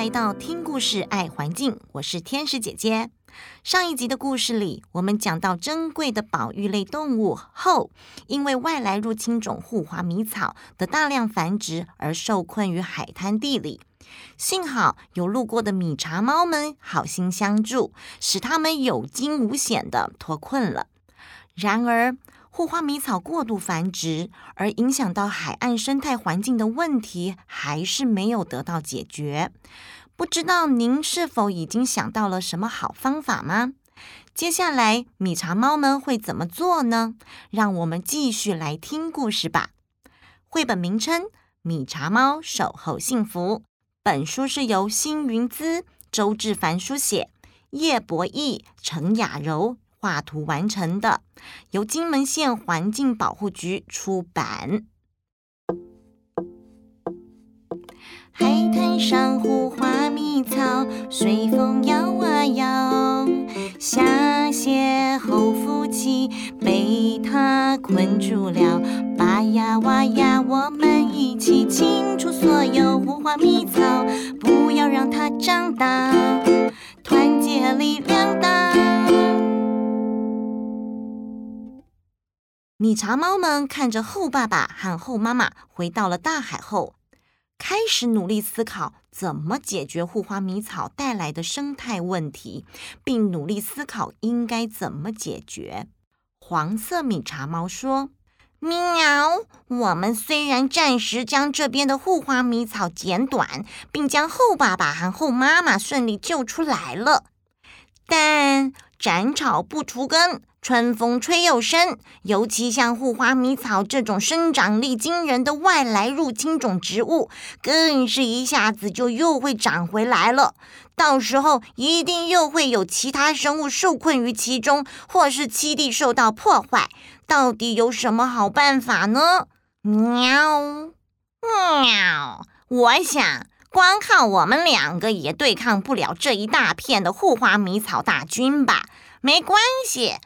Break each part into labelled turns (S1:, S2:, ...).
S1: 來到聽故事愛環境，我是天使姐姐。上一集的故事裡，我們講到珍貴的保育類動物鱟，因為外來入侵種互花米草的大量繁殖而受困於海灘地裡。幸好有路過的米茶貓們好心相助，使它們有驚無險的脫困了。然而，護花米草過度繁殖，而影響到海岸生態環境的問題還是沒有得到解決，不知道您是否已經想到了什麼好方法嗎？接下來米茶貓們會怎麼做呢？讓我們繼續來聽故事吧。繪本名稱《米茶貓守鱟幸福》，本書是由辛昀諮、周致帆書寫，葉柏毅、程雅柔。畫圖完成的，由金門縣環境保護局出版。海灘上，互花米草隨風搖啊搖，下雪後，夫妻被它困住了，拔呀挖呀，我們一起清除所有互花米草，不要讓它長大，團結力量。米茶貓們看着鱟爸爸和鱟媽媽回到了大海後，開始努力思考怎麼解決互花米草帶來的生態問題，並努力思考應該怎麼解決。黃色米茶貓說：“喵，我們雖然暫時將這邊的互花米草剪短，並將鱟爸爸和鱟媽媽順利救出來了，但……”斬草不除根，春風吹又生。尤其像互花米草這種生長力驚人的外來入侵種植物，更是一下子就又會長回來了。到時候一定又會有其他生物受困於其中，或是棲地受到破壞。到底有什麼好辦法呢？喵，喵，我想。光靠我們兩個也對抗不了這一大片的互花米草大軍吧？沒關係，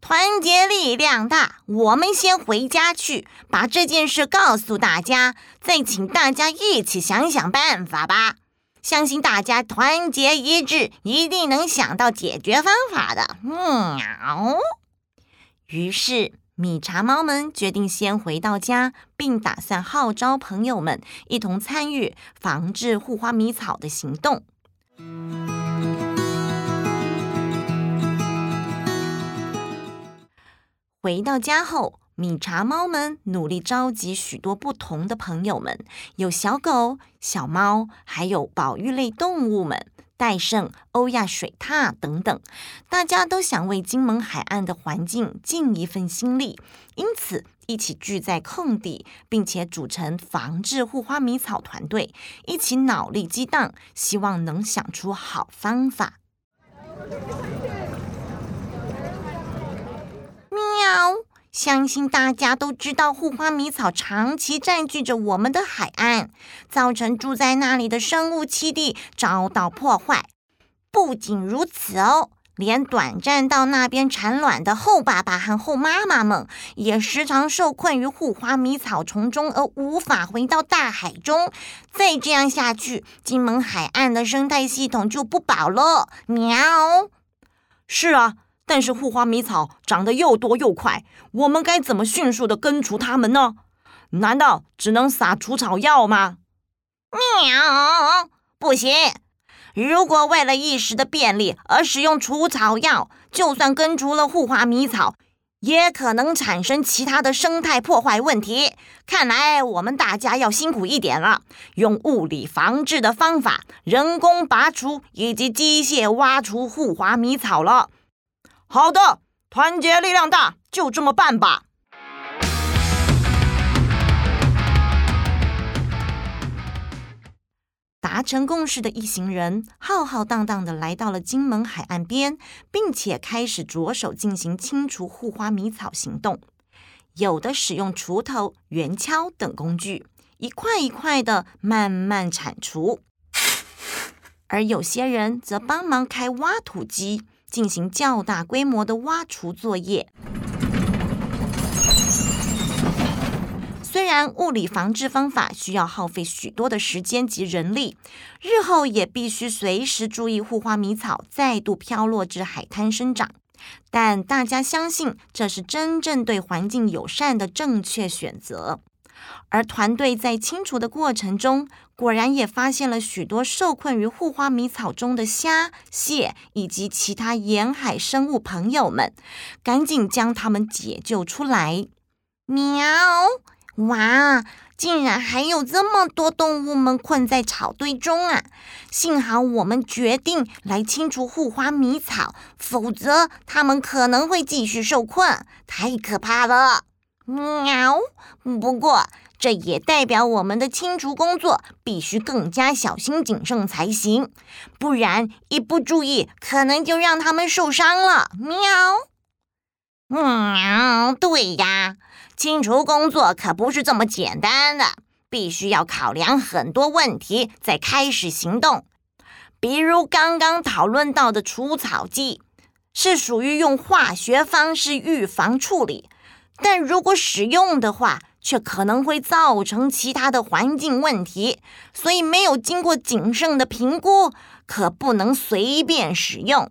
S1: 團結力量大。我們先回家去，把這件事告訴大家，再請大家一起想一想辦法吧。相信大家團結一致，一定能想到解決方法的。嗯，喵。於是。米茶貓們決定先回到家，並打算號召朋友們一同參與防治互花米草的行動。回到家後，米茶貓們努力召集許多不同的朋友們，有小狗、小貓，還有保育類動物們。戴勝、歐亞水獺等等，大家都想為金門海岸的環境盡一份心力，因此一起聚在空地，並且組成防治互花米草團隊，一起腦力激盪，希望能想出好方法。喵。相信大家都知道，互花米草長期佔據着我們的海岸，造成住在那裡的生物棲地遭到破壞。不僅如此哦，連短暫到那邊產卵的鱟爸爸和鱟媽媽們，也時常受困於互花米草叢中而無法回到大海中。再這樣下去，金門海岸的生態系統就不保了。喵。是啊。但是互花米草長得又多又快，我們該怎麼迅速地根除它們呢？難道只能撒除草，草藥嗎？喵，不行！如果為了一時的便利而使用除草藥，藥，就算根除了互花米草，也可能產生其他的生態破壞問題。看來我們大家要辛苦一點了，用物理防治的方法，人工拔除以及機械挖除互花米草了。好的，團結力量大，就這麼辦吧。達成共識的一行人浩浩蕩蕩的來到了金門海岸邊，並且開始着手進行清除互花米草行動。有的使用鋤頭、圓鍬等工具，一塊一塊的慢慢鏟除；而有些人則幫忙開挖土機。進行較大規模的挖除作業。雖然物理防治方法需要耗費許多的時間及人力，日後也必須隨時注意互花米草再度飄落至海灘生長，但大家相信這是真正對環境友善的正確選擇。而團隊在清除的過程中，果然也發現了許多受困於互花米草中的蝦、蟹以及其他沿海生物朋友們，趕緊將它們解救出來。喵！哇，竟然還有這麼多動物們困在草堆中啊！幸好我們決定來清除互花米草，否則它們可能會繼續受困，太可怕了。喵，不過這也代表我們的清除工作必須更加小心謹慎才行，不然一不注意，可能就讓他們受傷了。喵，嗯，對呀，清除工作可不是這麼簡單的，必須要考量很多問題再開始行動。比如剛剛討論到的除草劑，是屬於用化學方式預防處理。但如果使用的話，卻可能會造成其他的環境問題，所以沒有經過謹慎的評估，可不能隨便使用。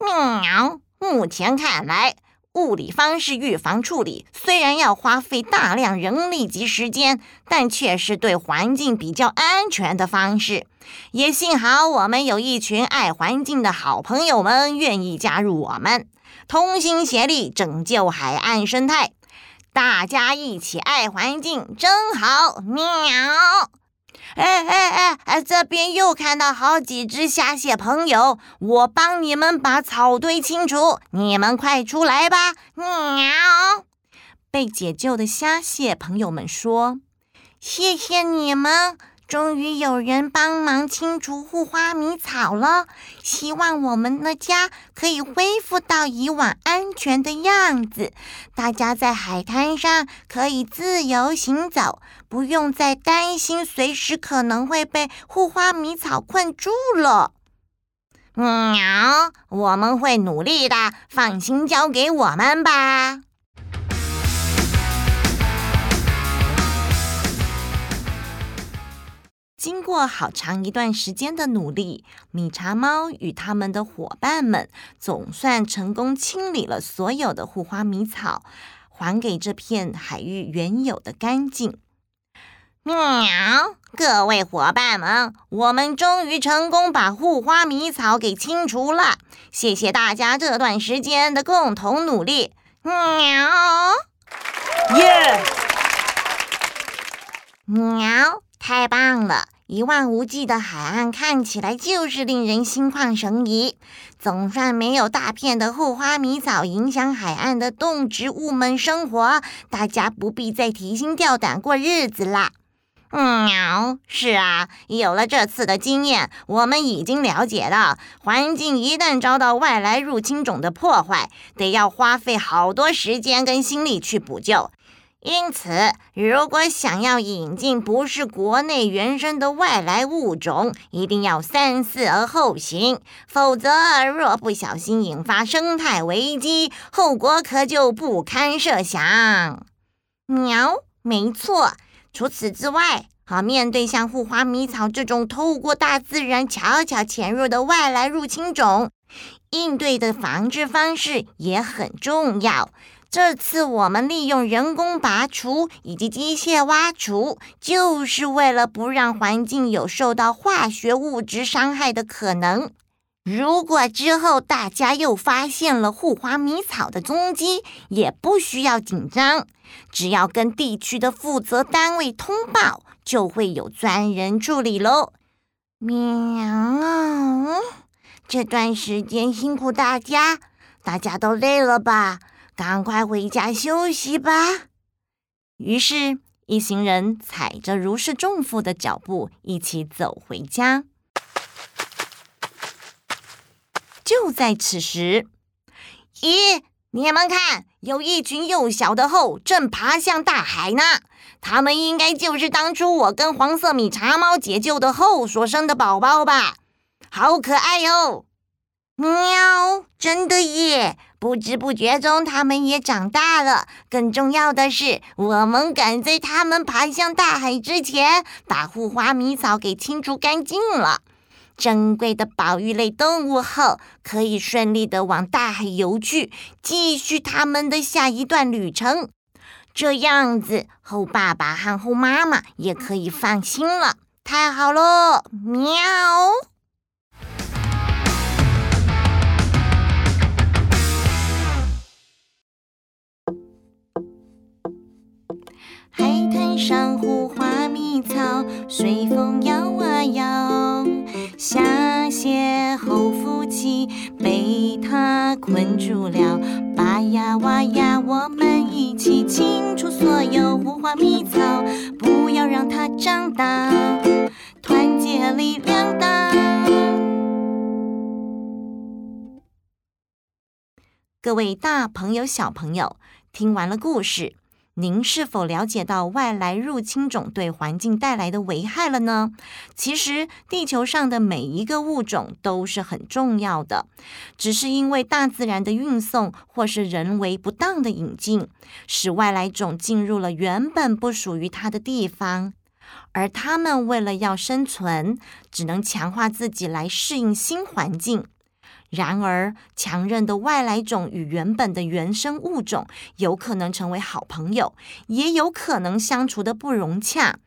S1: 喵！目前看來，物理方式預防處理雖然要花費大量人力及時間，但卻是對環境比較安全的方式。也幸好我們有一群愛環境的好朋友們，願意加入我們。同心協力拯救海岸生態，大家一起愛環境真好！喵！哎哎哎，這邊又看到好幾隻蝦蟹朋友，我幫你們把草堆清除，你們快出來吧！喵！被解救的蝦蟹朋友們說：“謝謝你們。”終於有人幫忙清除互花米草了，希望我們的家可以恢復到以往安全的樣子。大家在海灘上可以自由行走，不用再擔心隨時可能會被互花米草困住了。喵，我們會努力的，放心交給我們吧。經過好長一段時間的努力，米茶貓與他們的伙伴們總算成功清理了所有的互花米草，還給這片海域原有的乾淨。喵！各位伙伴們，我們終於成功把互花米草給清除了，謝謝大家這段時間的共同努力。喵！耶！Yeah! 喵！太棒了！一望無際的海岸看起來就是令人心曠神怡。總算沒有大片的互花米草影響海岸的動植物們生活，大家不必再提心吊膽過日子啦。嗯，是啊，有了這次的經驗，我們已經了解到，環境一旦遭到外來入侵種的破壞，得要花費好多時間跟心力去補救。因此，如果想要引進不是國內原生的外來物種，一定要三思而後行，否則若不小心引發生態危機，後果可就不堪設想。喵，沒錯。除此之外，好面對像互花米草這種透過大自然悄悄潛入的外來入侵種，應對的防治方式也很重要。這次我們利用人工拔除以及機械挖除，就是為了不讓環境有受到化學物質傷害的可能。如果之後大家又發現了互花米草的蹤跡，也不需要緊張，只要跟地區的負責單位通報，就會有專人處理嘍。喵，這段時間辛苦大家，大家都累了吧？趕快回家休息吧。於是，一行人踩着如釋重負的腳步，一起走回家。就在此時，咦，你們看，有一群幼小的鱟正爬向大海呢。他們應該就是當初我跟黃色米茶貓解救的鱟所生的寶寶吧？好可愛哦！喵！真的耶！不知不覺中，它們也長大了。更重要的是，我們趕在它們爬向大海之前，把互花米草給清除乾淨了。珍貴的保育類動物鱟可以順利的往大海游去，繼續他們的下一段旅程。這樣子，鱟爸爸和鱟媽媽也可以放心了。太好了！喵。上互花米草隨風搖啊搖，搖，下些鱟夫妻被它困住了，拔呀挖呀，我們一起清除所有互花米草，不要讓它長大，團結力量大。各位大朋友、小朋友，聽完了故事，您是否了解到外來入侵種對環境帶來的危害了呢？其實，地球上的每一個物種都是很重要的，只是因為大自然的運送或是人為不當的引進，使外來種進入了原本不屬於它的地方，而它們為了要生存，只能強化自己來適應新環境。然而，強韌的外來種與原本的原生物種有可能成為好朋友，也有可能相處得不融洽。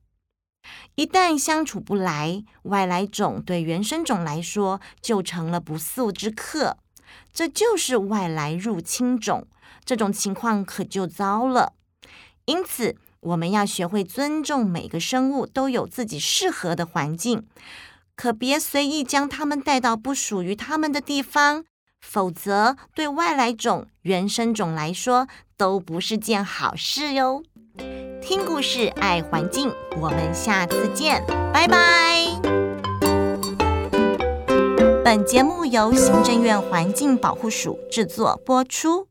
S1: 一旦相處不來，外來種對原生種來說就成了不速之客。這就是外來入侵種，這種情況可就糟了。因此，我們要學會尊重每個生物都有自己適合的環境。可別隨意將它們帶到不屬於它們的地方，否則對外來種、原生種來說都不是件好事喲。聽故事，愛環境，我們下次見，拜拜。本節目由行政院環境保護署製作播出。